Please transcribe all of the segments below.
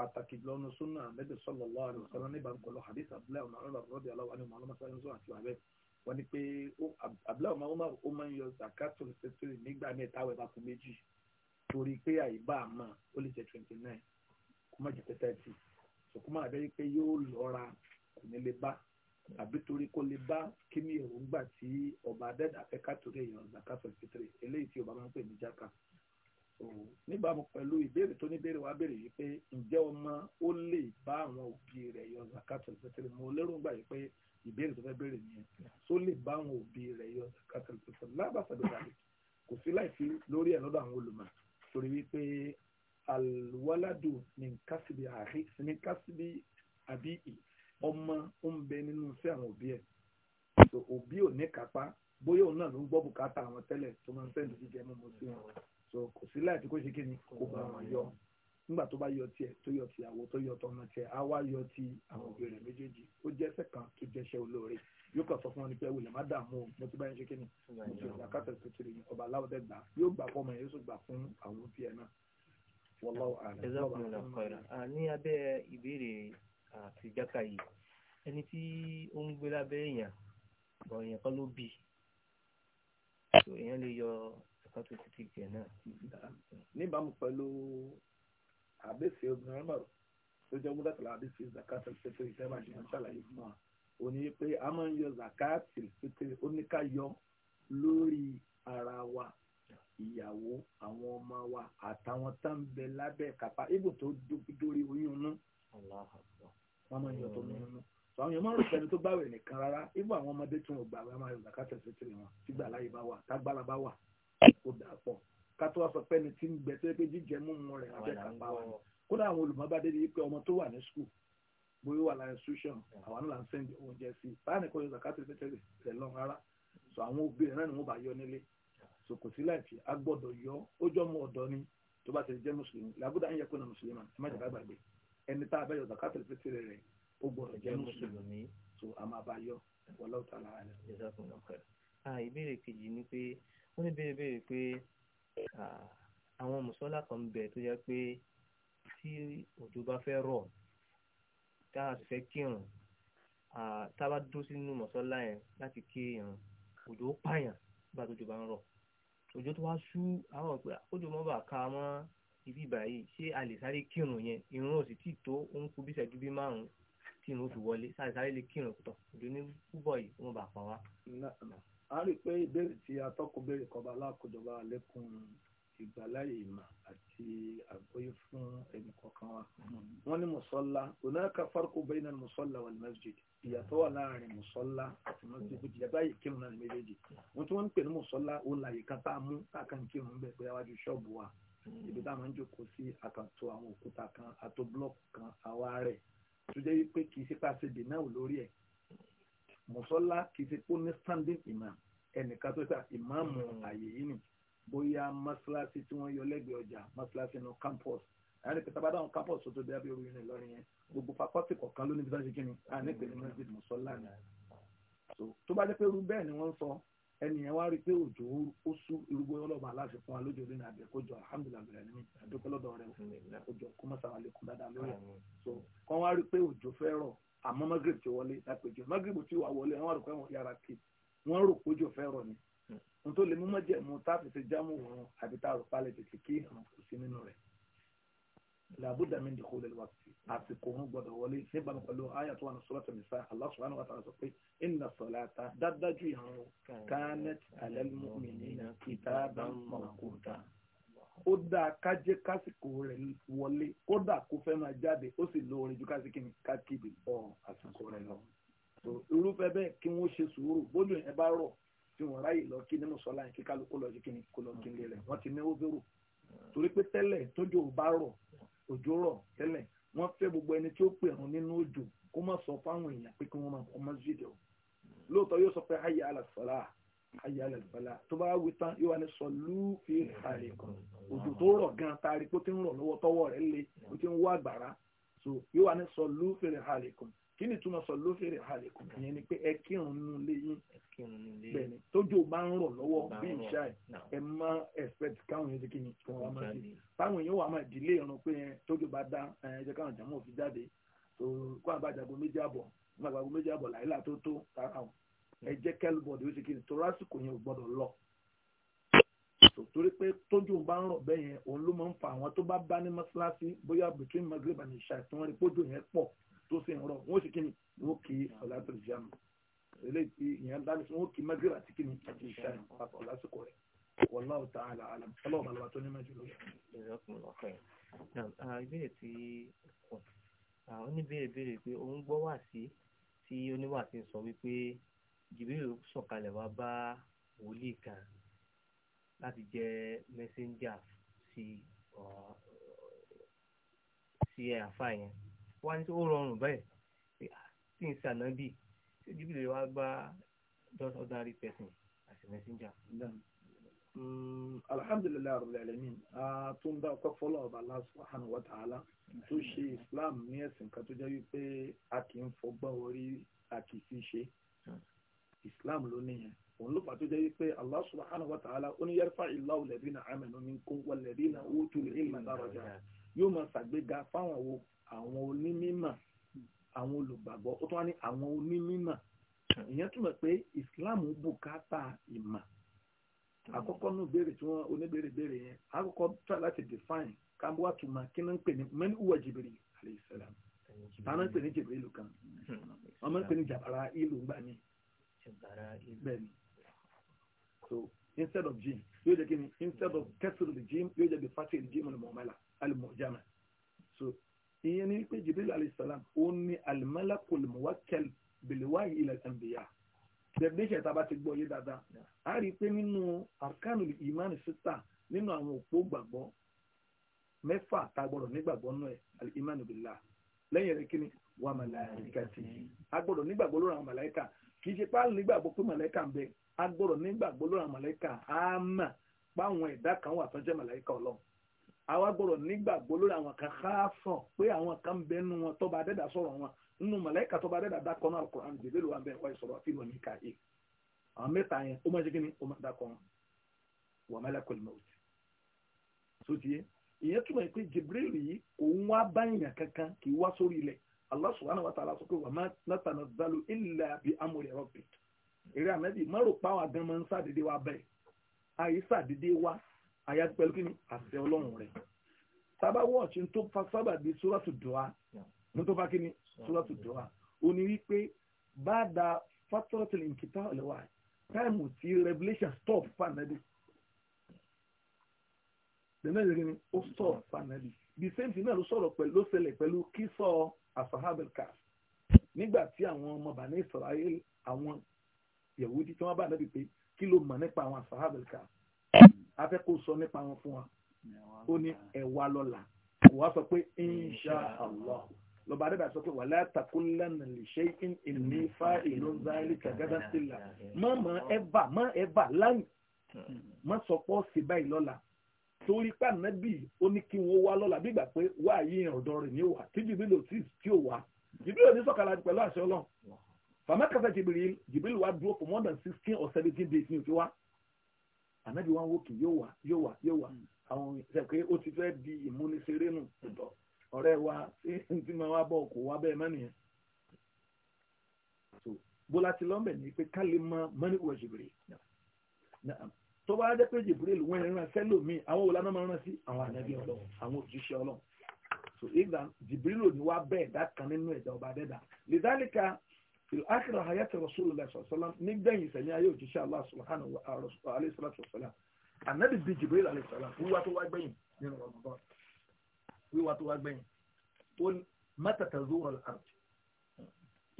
pàtàkì lọ́nu súnà àmẹ́bí sallallahu alaihi wasallam níbà ń kọlọ hadith abdullahi ọmọ ọlọ́dà rọ́bì aláwọ̀ ni mọ̀ọ́lọ́mọ́ sáré ń sọ àti wàbẹ́ wọ́n ní pé abdullahi ọmọ ọmọ ó máa ń yọ zakato fitiri nígbà mẹ́ta wẹ̀ bá kú méjì torí pé àyíbá àmà ó lè jẹ́ twenty nine kó má jẹ́ thirty sọkúmọ àbẹ yìí pé yóò lọ́ra kò ní lè bá àbí torí kó lè bá kí èròǹgbà tí ọba adẹ́dàfẹ́ ká torí níbàámu pẹ̀lú ìbéèrè tó ní béèrè wá béèrè yìí pé ǹjẹ́ ọmọ ó lè bá àwọn òbí rẹ̀ yọ zakatul fitr mo lérò ń gbà yìí pé ìbéèrè tó fẹ́ béèrè nìyẹn tó lè bá àwọn òbí rẹ̀ yọ zakatul fitr lábàtàdé rẹ̀ kò sí láìsí lórí ẹ̀ lọ́dọ̀ àwọn olùmọ̀ torí wípé alwaladu ní kásìbí àhí ní kásìbí àbí ì ọmọ ń bẹ nínú iṣẹ́ àwọn òbí ẹ̀ òbí ò ní kápá bóyá òun náà ló ń gbọ́ bùkátà àwọn tẹ́lẹ̀ tó máa ń sẹ́ńdì jíjẹ mímu sí wọn so kò sí láti kó ṣe kíni kó bá wọn yọ nígbà tó bá yọ tiẹ̀ tó yọ ti àwọ tó yọ tọmọ tiẹ̀ á wá yọ ti àwọn òbí rẹ̀ méjèèjì ó jẹ́sẹ̀ kan tó jẹ́sẹ̀ olóore yóò kàn sọ fún wọn ní pé wòlẹ̀ má dààmú o mo ti bá yẹn ṣe ni mo ti gbà kátà tuntun yìí ọba aláwọ̀ dẹ̀ gbà yóò gbà fọmọ yẹn yóò sì gbà fún àwọn òbí ẹ̀ náà wallahu a'lam. ẹ̀zá kun lọ kọ́ra ní abẹ́ ìbéèrè àti yìí ẹni tí ó ń gbé lábẹ́ èèyàn sọ́tún títí tiẹ̀ náà. níbàámu pẹ̀lú àbẹ́sẹ̀ obìnrin náà tó jẹ́ múdàkàlà àbẹ́sẹ̀ zakat al-fitr ìtẹ́wà ní àṣàlàyé fún wa ó ní pé a máa ń yọ zakat al-fitr ó ní ká yọ lórí ara wa ìyàwó àwọn ọmọ wa àtàwọn tá ń bẹ lábẹ́ kápá ibò tó dórí oyún náà wọ́n máa ń yọ tó ní inú àwọn èèyàn máa ń rò pẹ̀lú tó báwẹ̀ nìkan rárá ibò àwọn ọmọdé tún ò gbà wọ́n máa yọ zakat al wọn tí gbàláyé bá wà tágbára bá wà kò dà pọ̀ ká tó wá sọ pé ẹni tí ń gbẹ tó yẹ pé jíjẹ mímu rẹ̀ abẹ́kápá wa ni kódà àwọn olùmọ̀bádé ni pé ọmọ tó wà ní skul bóyá wà láyé solution àwọn náà ń sẹ́ndì oúnjẹ sí i báyìí nìkan yóò zakati fẹ́tẹ́lẹ̀ rẹ̀ lọ rárá so àwọn obìnrin náà ni wọ́n bá yọ nílé so kò sí láì fi agbọ́dọ̀ yọ ó jọ mọ ọ̀dọ́ ni tó bá ti jẹ́ mùsùlùmí làbúdà ń yẹ kó na mùsùlùmí ẹ má jẹ́ ká gbàgbé ẹni tá a bẹ́ yọ zakati fẹ́tẹ́lẹ̀ rẹ̀ ó gbọ́dọ̀ jẹ́ mùsùlùmí so a máa bá yọ wọlé ọ̀tá lára rẹ̀. ìbéèrè kejì ni pé wọ́n ní béèrè béèrè pé àwọn mùsọ́lá kan bẹ̀ tó yẹ pé tí òjò bá fẹ́ rọ̀ tá a sì fẹ́ kírun tá a bá dúró sínú mùsọ́lá yẹn láti kírun òjò ó pààyàn nígbà tó jò bá ń rọ̀ òjò tó wá sú àwọn ọ̀pẹ òjò mọ́ bà ká mọ́ ibi ìbàyìí ṣé a lè sáré kírun yẹn irun ò sì tí tó ń kú bí ìṣẹ́jú bí márùn-ún tí irun ó fi wọlé sáré sáré lè kírun tán òjò ní púpọ̀ yìí wọ́n bà pa wá a rí i pé ìbéèrè tí atọ́kùn béèrè kọba alákòjọba lẹ́kùn ìgbàláyè ìmọ̀ àti àgbóyé fún ẹnì kọ̀ọ̀kan wa. wọ́n ní mùsọ́lá onáka farko bẹ́ẹ̀ náà mùsọ́lá wà ní masjid ìyàtọ̀ wà láàrin mùsọ́lá àti masjid bó jìyà báyìí kírun náà ní méjèèjì. wọ́n tí wọ́n ń pè ní mùsọ́lá ó láyè kan tá a mú káàkiri kírun bẹ́ẹ̀ pé àwájú ṣọ́ọ̀bù wa ibi tá ń jókòó sí àkàtò àwọn òkúta kan àtò blọọkù kan àwa rẹ̀ tó jẹ́ pé kì í ṣe dènà lórí ẹ̀ Musola kì í ṣe pé ní standing imam ẹnìkan tó ṣe ìmáàmù hmm. àyè yìí nì bóyá mọ́ṣáláṣí tí wọ́n yọ lẹ́gbẹ̀ẹ́ ọjà mọ́ṣáláṣí inú campus àyànní pé tábàdàn campus tó tóbi abẹ́ orin Ìlọrin yẹn gbogbo fakọ́tì kọ̀ọ̀kan ló ní bí wọ́n ṣe kí ni àní pé ní masjid mọ̀sọ́lá ni tó bá jẹ́ pé irú bẹ́ẹ̀ ni wọ́n sọ ẹnìyẹn wá rí i pé òjò ó sú irúgbó ọlọ́ba aláṣẹ fún wa lójó lónìí àbẹ̀ alhamdulilayi ní àdókòlọ́dọ̀ rẹ̀ òjò kó mọ̀sáwá lè kú dáadáa lórí ẹ̀ so kọ́ wá rí i pé òjò fẹ́ àmọ́ magrib ti wọlé lápèjọ magrib ti wà wọlé àwọn àrùkọ àwọn yàrá kì wọ́n rò pójò fẹ́ rọ̀ ni n tó lè mú mọ́jẹ̀mú táfìsì jámù wọn àbí tá a rò palẹ̀ tètè kí hàn kò sí nínú rẹ̀ làbúdà mi dìkú lè wá sí àsìkò òun gbọdọ̀ wọlé níbàámu pẹ̀lú àyà tó wà ní sọ́lá tẹ̀mísà Allah subhanahu wa sọ pé inna salata dáadájú ìhàn kanat alal mu'minina kitaban mawquta ó dáa ká jẹ́ kásìkò rẹ̀ wọlé kódà kó fẹ́ máa jáde ó sì lóore ju kásìkò kákìdì bọ́ àsìkò rẹ̀ lọ. irúfẹ́ bẹ́ẹ̀ kí wọ́n ṣe sùúrù bójú ẹ̀ bá rọ̀ tí wọ́n ráyè lọ kí nínú sọ́lá yẹn kí kálukú lọ sí kíni kó lọ kí nílé rẹ̀ wọ́n ti ní óbérò torí pé tẹ́lẹ̀ tójò bá rọ̀ òjò rọ̀ tẹ́lẹ̀ wọ́n fẹ́ gbogbo ẹni tí ó pè rún nínú òjò kó má sọ fáwọn èèyàn pé kí wọ́n máa kọ́ mọ́sídìí lóòótọ́ yóò sọ pé hayya ala salah ayé alẹ́ ìbálá tó bá wí tán yóò wá ní sọlú fi àrè kan òjò tó rọ̀ gan tari pé ó ti ń rọ̀ lọ́wọ́ tọ́wọ́ rẹ̀ le ó ti ń wá àgbàrá so yóò wá ní sọlú fi àrè kan kí ni ìtumọ̀ sọlú fi àrè kan ìyẹn ni pé ẹ kírun nínú ilé yín bẹ́ẹ̀ni tójò bá ń rọ̀ lọ́wọ́ bí ìṣá ẹ má expect káwọn yẹn ti kí ni kí wọ́n máa ṣe táwọn yẹn wà máa ìdílé ìrun pé tójò bá dá ẹ jẹ́ káwọn jàmọ́ òfin jáde kó àbájágo méjì àbọ̀ àbájágo méjì àbọ̀ làyílà tó tó ẹ jẹ́ kẹ́lùbọ̀dì ó ṣe kí ni torí àsìkò yẹn ò gbọ́dọ̀ lọ. torí pé tójú bá ń rọ̀ bẹ́ẹ̀ yẹn òun ló máa ń fa àwọn tó bá bá ní mọ́ṣáláṣí bóyá between Maghrib and Isha tí wọ́n rí pójú yẹn pọ̀ tó sì ń rọ̀ wọ́n ṣe kí ni wọ́n kì í ọ̀làtò ìjàmù eléyìí ìyẹn dání sí wọ́n kì í Maghrib àti kí ni àti Isha papọ̀ lásìkò rẹ̀ wallahu ta'ala alam ọlọ́ọ̀bà lọ́wọ́ tó ní mẹ́jọ lọ́wọ́. ìbéèrè tí oníbèrè béèrè pé òun gbọ́ wàásí tí oníwàásí sọ wípé jìbìrì sọ̀kalẹ̀ wá bá wòlíì kan láti jẹ́ mẹ́sẹ́ńjà sí uh, sí ẹ̀ àfa yẹn wá ní ó rọrùn bẹ́ẹ̀ ah, tí n sànábì tí jìbìrì wá bá just ordinary person as a messenger. Mm, alhamdulilayi rabbil alamin a tún bá ọkọ fọlọ ọba Allah subhanahu wa ta'ala tó ṣe islam ní ẹsìn kan tó jẹ́ wípé a kì í fọgbọ́n orí a kì í fi ṣe. islam ló níyẹn òun ló fà jẹ́ wípé allah subhanahu wa ta'ala ó ní yarfa'illahu alladhina amanu minkum walladhina na otu daraja yóò máa ṣàgbéga fáwọn àwọn onímímọ̀ àwọn olùgbàgbọ́ ó tún wá ní àwọn ìyẹn túmọ̀ pé islam bùkátà ìmọ̀ àkọ́kọ́ nù béèrè tí wọ́n oníbèrè béèrè yẹn àkọ́kọ́ try láti define kábíwá tuma kí ni ń pè ní mẹ́ni wúwa jìbìrì alayhi salam ń pè kan hmm. wọ́n máa ń pè so instead of jim yóò jẹ́ kíni instead of testing the gym, you yóò jẹ́ bí the gym jim al-mu'mala al-mu'jama so ìyẹn ní pé jibril alayhisalaam ó only al-malakul muwakkal bil-wahyi ila al-anbiya definition tá a bá ti gbọ́ yé dáadáa a rí i pé nínú arkanu imani sita nínú àwọn òpó gbàgbọ́ mẹ́fà tá a gbọ́dọ̀ nígbàgbọ́ nù ẹ̀ al-imanu billah lẹ́yìn rẹ̀ kíni wa malaikati a gbọ́dọ̀ nígbàgbọ́ lórí àwọn malaika kì í ṣe pa nígbàgbọ́ pé mọ̀lẹ́kà ń bẹ a gbọ́dọ̀ nígbàgbọ́ lórí àwọn mọ̀lẹ́kà á mà páwọn ẹ̀dá kan wà tó jẹ́ mọ̀lẹ́kà ọlọ́run àwa gbọ́dọ̀ nígbàgbọ́ lórí àwọn kan káàfọ̀ pé àwọn kan ń bẹ nínú wọn tọ́ba adẹ́dà sọ̀rọ̀ wọn nínú mọ̀lẹ́kà tọ́ba adẹ́dà dákọ́ náà Al-Qur'an jìbìlì wà bẹ́ẹ̀ wáyé sọ̀rọ̀ àfihàn ní káyé àwọn mẹ́ta yẹn ó máa ṣe kí ó máa dákọ́ wọn wà malakul maut sótìyẹ ìyẹn túmọ̀ pé Jibril yìí òun wá bá èèyàn kankan kì í wá sórí ilẹ̀ Allah subhanahu wa ta'ala sọ pé wàmá látànà zálù ilà bí amúrí rọ̀bì eré ànábì márùn páwọn agan máa ń sàdédé wa bẹ́ẹ̀ àyè sàdédé wa àyà pẹ̀lú kí ni àṣẹ ọlọ́run rẹ̀ sábà wọ́ọ̀ṣì tó fa sábà di sóràtù dùá ní tó fa kí ni sóràtù dùá ó ní wípé bá a da fátọ́rọ̀tìlì nkìtà ọ̀lẹ́wà táìmù tí revelation stop fanabi the next thing ó stop fanabi the same thing náà ló sọ̀rọ̀ pẹ̀lú ló ṣẹlẹ̀ pẹ̀lú kí sọ ashabil kaf nígbà tí àwọn ọmọ bàní israel àwọn yahudi tí wọ́n bá nàbí pé kí ló mọ̀ nípa àwọn ashabil kaf afẹ́ kó sọ nípa wọn fún wa ó ní ẹ̀wà lọ́la kò wá sọ pé insha allah lọba adébà sọ pé wàlẹ́ àtàkùnlẹ́nà lè ṣe ìní fa ìlú záìlì kàgádà sílà mọ́ mọ́ ẹ bà mọ́ ẹ bà láyìn mọ́ sọ pọ́ sí báyìí lọ́la torí pàǹdàbì ó ní kí wọ́n wá lọ́la bí ìgbà pé wá yí ọ̀dọ́ rẹ̀ ní òwà tí jìbìlì ò tí tí ò wá jìbìlì ò ní sọ̀kalà pẹ̀lú àṣẹ ọlọ́run fàmákàtà jìbìlì jìbìlì wá dúró for more than sixteen or seventeen days ní òfin wá ànábì wá ń wókè yóò wá yóò wá yóò wá hmm. àwọn ṣe pé ó ti fẹ́ di ìmúniṣeré nù ọ̀dọ̀ hmm. ọ̀rẹ́ wa tí mo wá bọ̀ kò wá bẹ́ẹ̀ mẹ́nìyẹn bó láti tó bá jẹ́ pé Jibril wọ́n ìran sẹ́lòmí àwọn òlànà máa ń rán sí àwọn ànábì ọlọ́run àwọn òjíṣẹ́ ọlọ́run so ìgbà Jibril ò ní wá bẹ́ẹ̀ dákan nínú ẹ̀dá ọba dẹ́dà lidhalika fil akhirah hayati rasulillah sallam nígbẹ̀yìn sẹ́ni ayé òjíṣẹ́ Allah subhanahu wa alayhi salatu wa salam ànábì bíi Jibril alayhi salam wíwá tó wá gbẹ̀yìn nínú Ramadan wíwá tó wá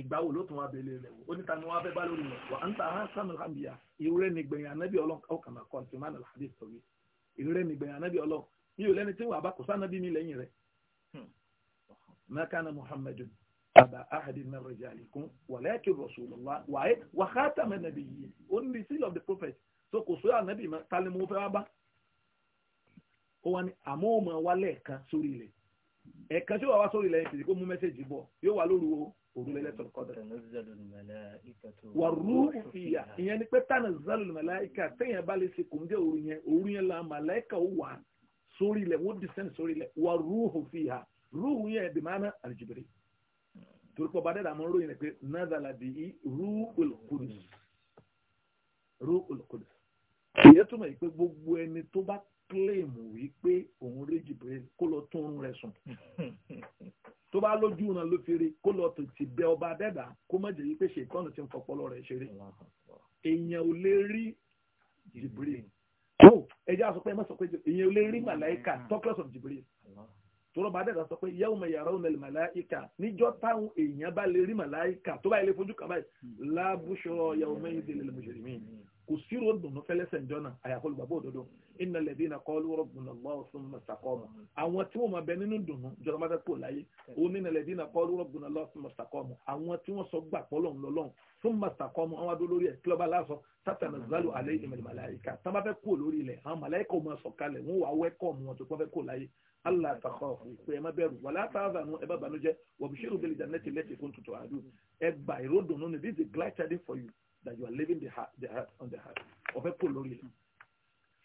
ìgbàwò ló tún wá bèlè rẹ̀ wò oníta ni wọ́n fẹ́ bá lórí rẹ̀ wà á ń ta ha sanu hambiya ìrẹ́ ni gbẹ̀yìn anabi ọlọ́kan náà kọ́ ṣùgbọ́n àná àdé sọ̀rọ̀ ìrẹ́ ni gbẹ̀yìn anabi ọlọ́ mi ò lẹ́ni tí wọ́n bá kò sànàbí mi lẹ́yìn rẹ̀ makana muhammadu aba ahadi min rijalikum walakin rasulullah wàhẹ́ wàhátà mẹ́nàbí yìí ó ní the seal of the prophet so kò sóyà anabi mọ́ tálẹ́ mo fẹ́ wá bá ó wá ní àmọ́ ọmọ wa lẹ́ẹ̀kan sórí ilẹ̀ ẹ̀ẹ̀kan tí wàá wá sórí ilẹ̀ yẹn kìí kó mú mẹ́sẹ̀jì bọ̀ yóò wá lóru o òrùlẹ́lẹ́tọ̀ kọ́dọ̀. wà rúùfù fìyà ìyẹn ni pé tánà zálùlù màláìka téèyàn bá lè ṣe kò ń jẹ́ òru yẹn òru yẹn la màláìka ó wà sórí ilẹ̀ wọ́n dìsẹ́ni sórí ilẹ̀ wà rúùfù fìyà rúùfù yẹn dì máa ná àlùjìbìrì torí pọ̀ bàdẹ́dà mọ́ ròyìn pé nazala bí i rúùl kùdùs rúùl kùdùs ìyẹn túmọ̀ yìí pé gbogbo ẹni tó bá claim wípé òun rèjì pé kó lọ tún oorun rẹ̀ sùn tó bá lójú ìran ló fi rí kó lọ ti bẹ ọba adẹ́dà kó má jẹ́ wípé ṣètọ́nù ti ń fọpọlọ rẹ̀ ṣeré èèyàn ò lè rí Jibril tó oh, ẹjẹ́ àsọ pé ẹ má sọ pé èèyàn ò lè rí màláìkà talkless of Jibril tọ́lọ́ bá dẹ́gbà sọ pé yẹ́wò yàrá òun lẹ́lẹ̀ màláìka níjọ́ táwọn èèyàn bá lè rí màláìka tó bá yẹ kò sírò dùnú fẹ́lẹ́sẹ̀ ǹjọ́ náà àyàkó olùgbàgbọ́ òdodo innal ladhina qalu rabbuna Allahu thumma istaqamu àwọn tí wọ́n máa bẹ nínú dùnú jọba máa kó láyé òun innal ladhina qalu rabbuna Allahu thumma istaqamu àwọn tí wọ́n sọ gbà pọ́lọ̀ ńlọ́lọ́hún thumma istaqamu àwọn adó lórí ẹ̀ kílọ̀bà láàsọ tatanazzalu alayhimul malaika tán bá fẹ́ kó lórí ilẹ̀ àwọn màláìka ò máa sọ̀kalẹ̀ wọ́n wà wẹ́kọ̀ mu wọn tó fẹ́ kó láyé Allah ta kọ́ ẹ má bẹ̀rù wà látàzà nù ẹ bá banújẹ́ wọ̀bùsírù bẹ̀lẹ̀ jannati lẹ́tì fún tuntun àdúrà ẹ gbà ìró dùnú ni this is a glad tidings for you that you are living the heart, the heart on the heart of a lórí ẹ̀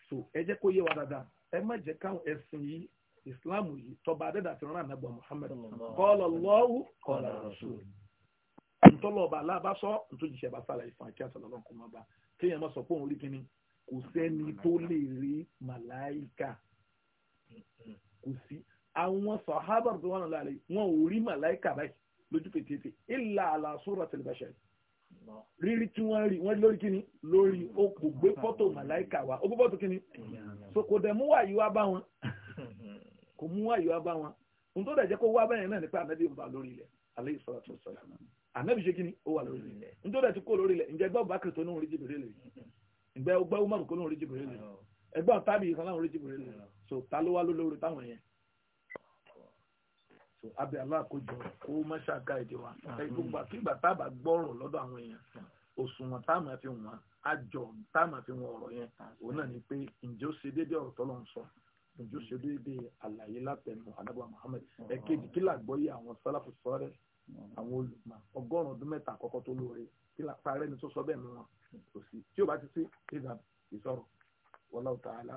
so ẹ jẹ́ kó yé wa dáadáa ẹ má jẹ́ káwọn ẹ̀sìn yìí islam yìí tọba adẹ́dà fi rán ànágbà muhammed kọ́lọ̀ lọ́wọ́ kọ́lọ̀ rasul ntọ́lọ́ọ̀bà aláàbáṣọ́ ntòjìṣẹ́ bá sálà ìfọ̀n àti àtàlọ́lọ́ kò má ba kéèyàn má sọ pé òun rí kíni kò sẹ́ni tó lè rí màláìkà kò sí àwọn sàhábà tó wà lálẹ́ wọn ò rí màláìkà báyìí lójú pétété illa ala suratil bashar rírí tí wọ́n rí wọ́n lórí kíni lórí okò gbé fọ́tò màláìkà wa o gbé fọ́tò kíni so kò dẹ̀ mú wàyí wá bá wọn kò mú wàyí wá bá wọn ohun tó dẹ̀ jẹ́ kó wá bẹ́yẹn náà nípa ànábì ń bá lórí ilẹ̀ alayhi salatu wassalam ànábì ṣe kíni ó wà lórí ilẹ̀ ohun tó dẹ̀ ti kó lórí ilẹ̀ ǹjẹ́ gbọ́ bákìrì tó ní orí jìbìrì lè ǹgbẹ́ ọgbẹ́ umaru kó ní orí jìbìrì lè ẹgbẹ́ ọ̀tábì so ta ló wá so abẹ aláàkójọ kó má ṣàkà èdè wa mm. gbogbo àkígbà tá a bá gbọ́rọ̀ lọ́dọ̀ àwọn èèyàn mm. òṣùwọ̀n tá a máa fi wọ́n àjọ tá a máa fi wọ́n ọ̀rọ̀ yẹn mm. òun náà ni pé ǹjẹ́ ó ṣe déédéé ọ̀rọ̀ tọ́lọ́ ń sọ ǹjẹ́ ó ṣe déédéé àlàyé látẹnu anábà Muhammad ẹ̀kejì kí làgbọ́yé àwọn sálàfù sọ́rẹ́ àwọn olùmọ̀ ọgọ́rùn-ún ọdún mẹ́ta àkọ́kọ́ tó lóore kí làpárẹ́ ni tó sọ bẹ́ẹ̀ mú wọn kò sí tí ó bá ti sí ìdàn ìsọ̀rọ̀ wọlọ́ọ̀tà alá